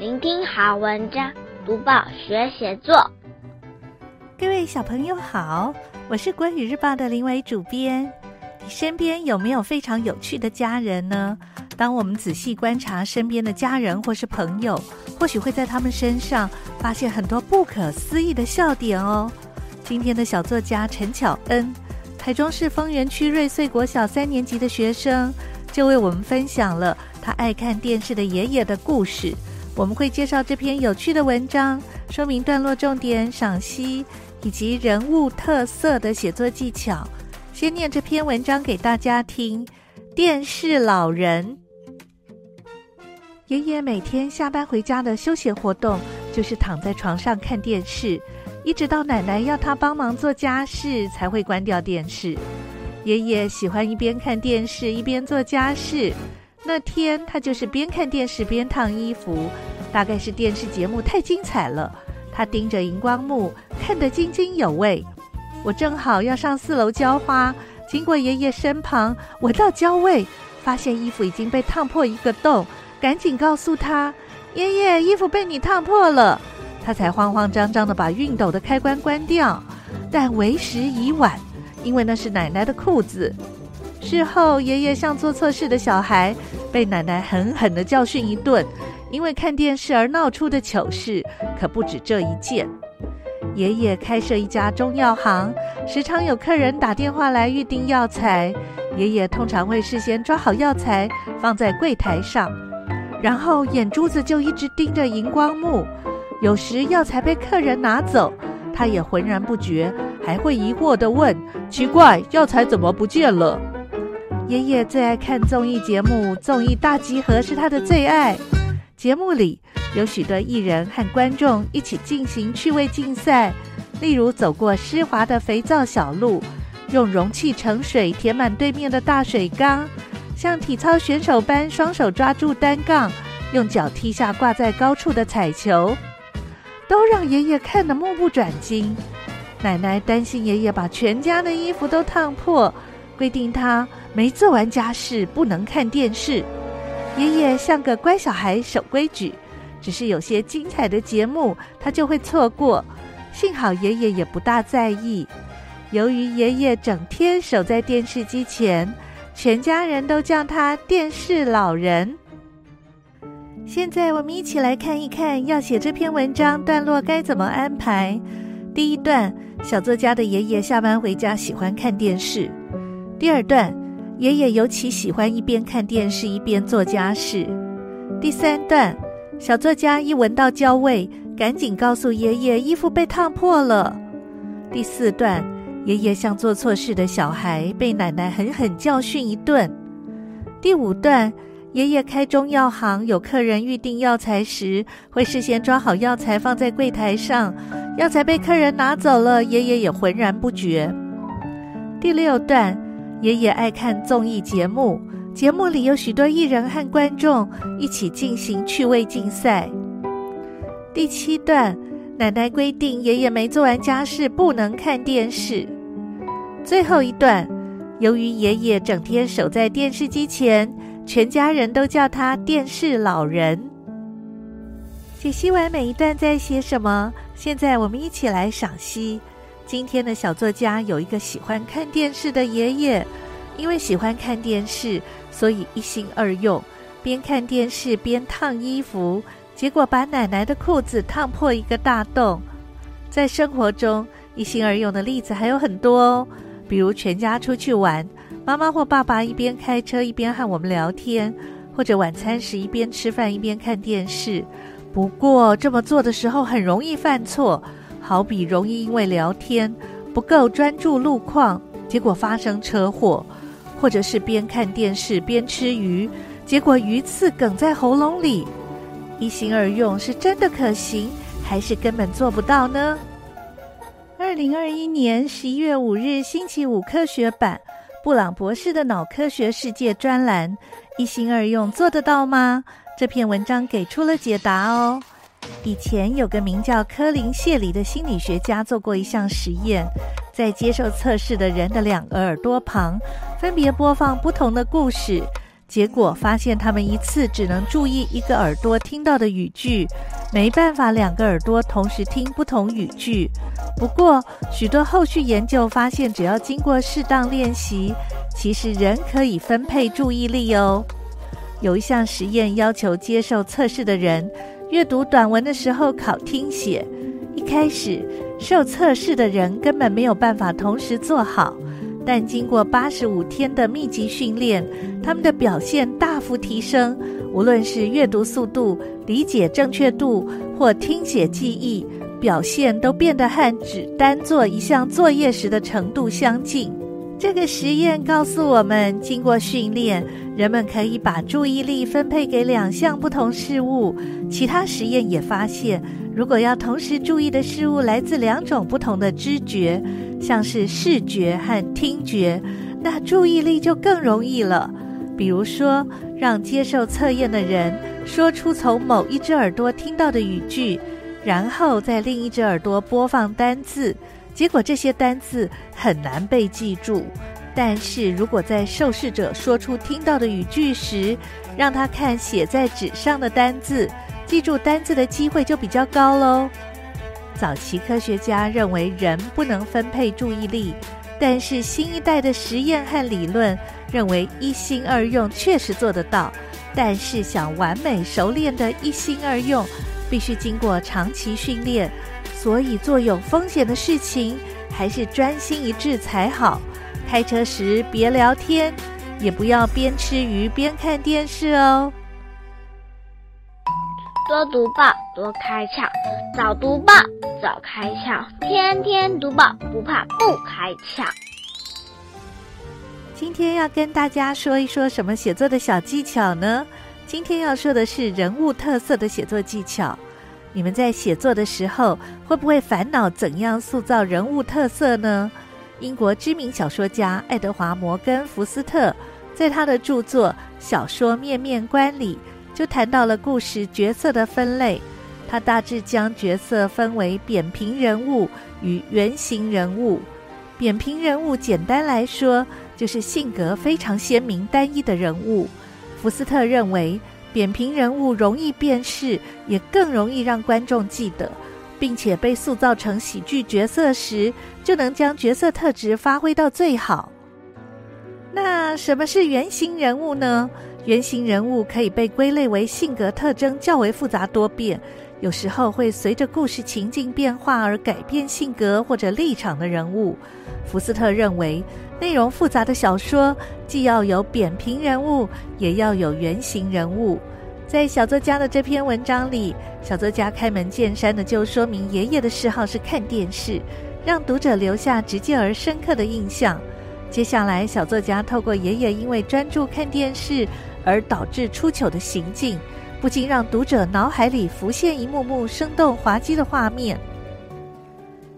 聆聽好文章，讀報學寫作。各位小朋友好，我是國語日報的林偉主編。你身邊有沒有非常有趣的家人呢？當我們仔細觀察身邊的家人或是朋友，或許會在他們身上發現很多不可思議的笑點哦。今天的小作家陳巧恩，台中市豐原區瑞穗國小三年級的學生，就為我們分享了他愛看電視的爺爺的故事。我們會介紹這篇有趣的文章，說明段落重點賞析以及人物特色的寫作技巧。先念這篇文章給大家聽：電視老人，爺爺每天下班回家的休閒活動就是躺在床上看電視，一直到奶奶要他幫忙做家事才會關掉電視。爺爺喜歡一邊看電視一邊做家事。那天他就是邊看電視邊燙衣服，大概是電視節目太精彩了，他盯着熒光幕看得津津有味。我正好要上四樓澆花，經過爺爺身旁，聞到焦味，發現衣服已經被燙破一個洞，趕緊告訴他：“爺爺，衣服被你燙破了。”他才慌慌張張的把熨斗的開關關掉，但為時已晚，因為那是奶奶的褲子。事後，爺爺像做錯事的小孩，被奶奶狠狠地教訓一頓。因為看電視而鬧出的糗事可不止這一件。爺爺開設一家中藥行，時常有客人打電話來預訂藥材。爺爺通常會事先抓好藥材放在櫃台上，然後眼珠子就一直盯着熒光幕。有時藥材被客人拿走，他也渾然不覺，還會疑惑地問：“奇怪，藥材怎麼不見了？”爺爺最愛看綜藝節目，《綜藝大集合》是他的最愛。節目裡有許多藝人和觀眾一起進行趣味競賽，例如走過溼滑的肥皂小路，用容器盛水填滿對面的大水缸，像體操選手般雙手抓住單槓，用腳踢下掛在高處的彩球，都讓爺爺看得目不轉睛。奶奶擔心爺爺把全家的衣服都燙破，規定他沒做完家事不能看電視，爺爺像個乖小孩守規矩，只是有些精彩的節目他就會錯過。幸好爺爺也不大在意。由於爺爺整天守在電視機前，全家人都叫他電視老人。現在我們一起來看一看，要寫這篇文章段落該怎麼安排。第一段，小作家的爺爺下班回家喜歡看電視。第二段，爺爺尤其喜歡一邊看電視一邊做家事。第三段，小作家一聞到焦味，趕緊告訴爺爺衣服被燙破了。第四段，爺爺像做錯事的小孩，被奶奶狠狠教訓一頓。第五段，爺爺開中藥行，有客人預定藥材時，會事先抓好藥材放在櫃檯上，藥材被客人拿走了，爺爺也渾然不覺。第六段。爺爺愛看綜藝節目，節目裡有許多藝人和觀眾一起進行趣味競賽。第七段，奶奶規定爺爺沒做完家事不能看電視。最後一段，由於爺爺整天守在電視機前，全家人都叫他“電視老人”。解析完每一段在寫什麼，現在我們一起來賞析。今天的小作家有一個喜歡看電視的爺爺，因為喜歡看電視，所以一心二用，邊看電視邊燙衣服，結果把奶奶的褲子燙破一個大洞。在生活中，一心二用的例子還有很多哦，比如全家出去玩，媽媽或爸爸一邊開車一邊和我們聊天，或者晚餐時一邊吃飯一邊看電視。不過這麼做的時候，很容易犯錯。好比容易因為聊天不夠專注路況，結果發生車禍；或者是邊看電視邊吃魚，結果魚刺梗在喉嚨裡。一心二用是真的可行，還是根本做不到呢？二零二一年十一月五日星期五科學版，布朗博士的腦科學世界專欄《一心二用做得到嗎》這篇文章給出了解答哦。以前有個名叫科林謝里的心理學家做過一項實驗，在接受測試的人的兩個耳朵旁分別播放不同的故事，結果發現他們一次只能注意一個耳朵聽到的語句，沒辦法兩個耳朵同時聽不同語句。不過許多後續研究發現，只要經過適當練習，其實人可以分配注意力哦。有一項實驗要求接受測試的人，閱讀短文的時候考聽寫，一開始受測試的人根本沒有辦法同時做好，但經過八十五天的密集訓練，他們的表現大幅提升，無論是閱讀速度、理解正確度或聽寫記憶表現，都變得和只單做一項作業時的程度相近。這個實驗告訴我們，經過訓練，人們可以把注意力分配給兩項不同事物。其他實驗也發現，如果要同時注意的事物來自兩種不同的知覺，像是視覺和聽覺，那注意力就更容易了。比如說，讓接受測驗的人說出從某一隻耳朵聽到的語句，然後在另一隻耳朵播放單字。結果這些單字很難被記住，但是如果在受試者說出聽到的語句時，讓他看寫在紙上的單字，記住單字的機會就比較高嘍。早期科學家認為人不能分配注意力，但是新一代的實驗和理論認為一心二用確實做得到，但是想完美熟練的一心二用，必須經過長期訓練。所以做有風險的事情，還是專心一致才好。開車時別聊天，也不要邊吃魚邊看電視哦。多讀報，多開竅；早讀報，早開竅；天天讀報，不怕不開竅。今天要跟大家說一說什麼寫作的小技巧呢？今天要說的是人物特色的寫作技巧。你們在寫作的時候，會不會煩惱怎樣塑造人物特色呢？英國知名小說家愛德華·摩根·福斯特在他的著作《小說面面觀》裡就談到了故事角色的分類。他大致將角色分為扁平人物與圓形人物。扁平人物簡單來說就是性格非常鮮明、單一的人物。福斯特認為，扁平人物容易辨識，也更容易讓觀眾記得，並且被塑造成喜劇角色時，就能將角色特質發揮到最好。那什麼是圓形人物呢？圓形人物可以被歸類為性格特徵較為複雜多變。有時候會隨着故事情境變化而改變性格或者立場的人物，福斯特認為，內容複雜的小說既要有扁平人物，也要有圓形人物。在小作家的這篇文章裡，小作家開門見山的就說明爺爺的嗜好是看電視，讓讀者留下直接而深刻的印象。接下來，小作家透過爺爺因為專注看電視而導致出糗的行徑。不禁讓讀者腦海裡浮現一幕幕生動滑稽的畫面。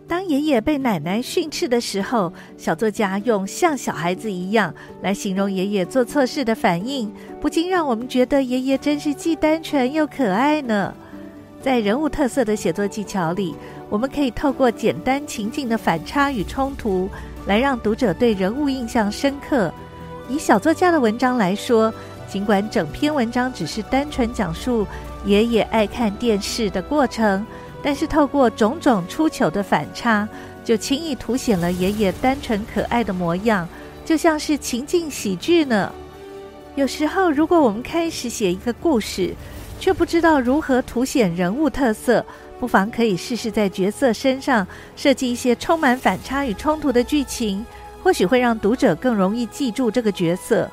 當爺爺被奶奶訓斥的時候，小作家用“像小孩子一樣”來形容爺爺做錯事的反應，不禁讓我們覺得爺爺真是既單純又可愛呢。在人物特色的寫作技巧裡，我們可以透過簡單情境的反差與衝突，來讓讀者對人物印象深刻。以小作家的文章來說，儘管整篇文章只是單純講述爺爺愛看電視的過程，但是透過種種出糗的反差，就輕易凸顯了爺爺單純可愛的模樣，就像是情境喜劇呢。有時候，如果我們開始寫一個故事，卻不知道如何凸顯人物特色，不妨可以試試在角色身上設計一些充滿反差與衝突的劇情，或許會讓讀者更容易記住這個角色。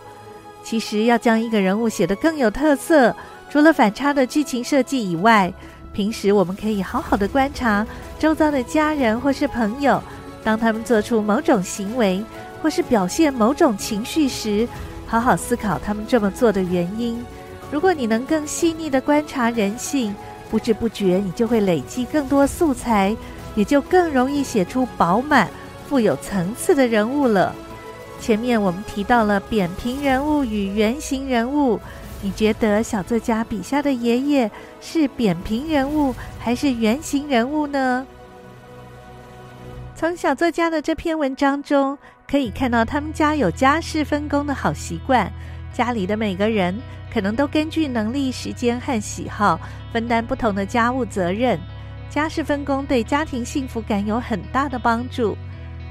其實要將一個人物寫得更有特色，除了反差的劇情設計以外，平時我們可以好好的觀察周遭的家人或是朋友，當他們做出某種行為或是表現某種情緒時，好好思考他們這麼做的原因。如果你能更細膩的觀察人性，不知不覺你就會累積更多素材，也就更容易寫出飽滿、富有層次的人物了。前面我們提到了扁平人物與圓形人物，你覺得小作家筆下的爺爺是扁平人物還是圓形人物呢？從小作家的這篇文章中，可以看到他們家有家事分工的好習慣，家裡的每個人可能都根據能力、時間和喜好分擔不同的家務責任。家事分工對家庭幸福感有很大的幫助。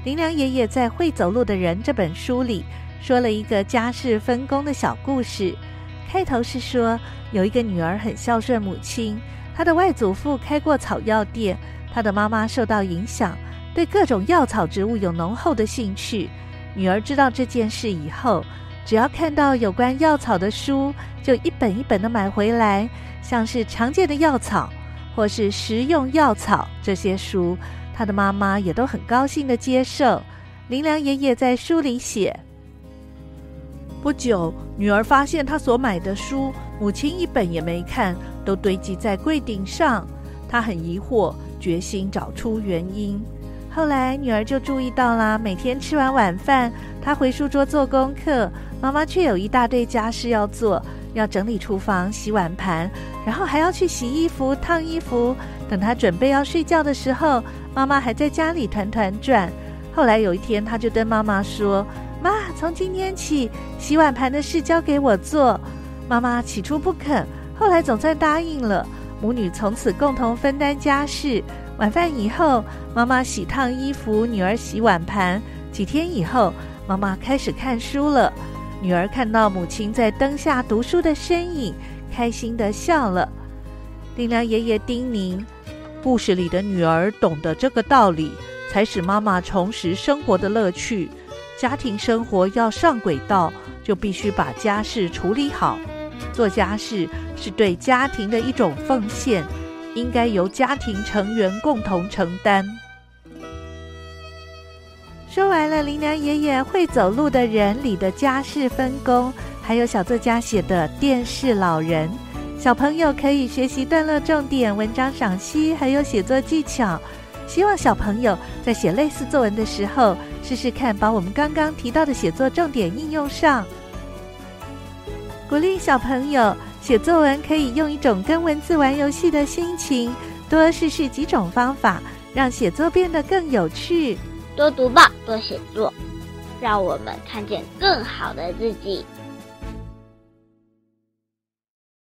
林良爺爺在《會走路的人》這本書裡說了一個家事分工的小故事。開頭是說，有一個女兒很孝順母親。她的外祖父開過草藥店，她的媽媽受到影響，對各種藥草植物有濃厚的興趣。女兒知道這件事以後，只要看到有關藥草的書，就一本一本的買回來，像是常見的藥草或是食用藥草這些書。他的媽媽也都很高興地接受。林良爺爺在書裡寫：不久，女兒發現她所買的書，母親一本也沒看，都堆積在櫃頂上。她很疑惑，決心找出原因。後來，女兒就注意到了：每天吃完晚飯，她回書桌做功課，媽媽卻有一大堆家事要做，要整理廚房、洗碗盤，然後還要去洗衣服、燙衣服。等她準備要睡覺的時候，媽媽還在家裡團團轉，後來有一天，她就對媽媽說：“媽，從今天起，洗碗盤的事交給我做。”媽媽起初不肯，後來總算答應了。母女從此共同分擔家事。晚飯以後，媽媽洗燙衣服，女兒洗碗盤。幾天以後，媽媽開始看書了。女兒看到母親在燈下讀書的身影，開心的笑了。林良爺爺叮嚀。故事裡的女兒懂得這個道理，才使媽媽重拾生活的樂趣。家庭生活要上軌道，就必須把家事處理好。做家事是對家庭的一種奉獻，應該由家庭成員共同承擔。說完了林良爺爺《會走路的人》裡的家事分工，還有小作家寫的電視老人。小朋友可以學習段落重點、文章賞析，還有寫作技巧。希望小朋友在寫類似作文的時候，試試看把我們剛剛提到的寫作重點應用上。鼓勵小朋友寫作文，可以用一種跟文字玩遊戲的心情，多試試幾種方法，讓寫作變得更有趣。多讀報，多寫作，讓我們看見更好的自己。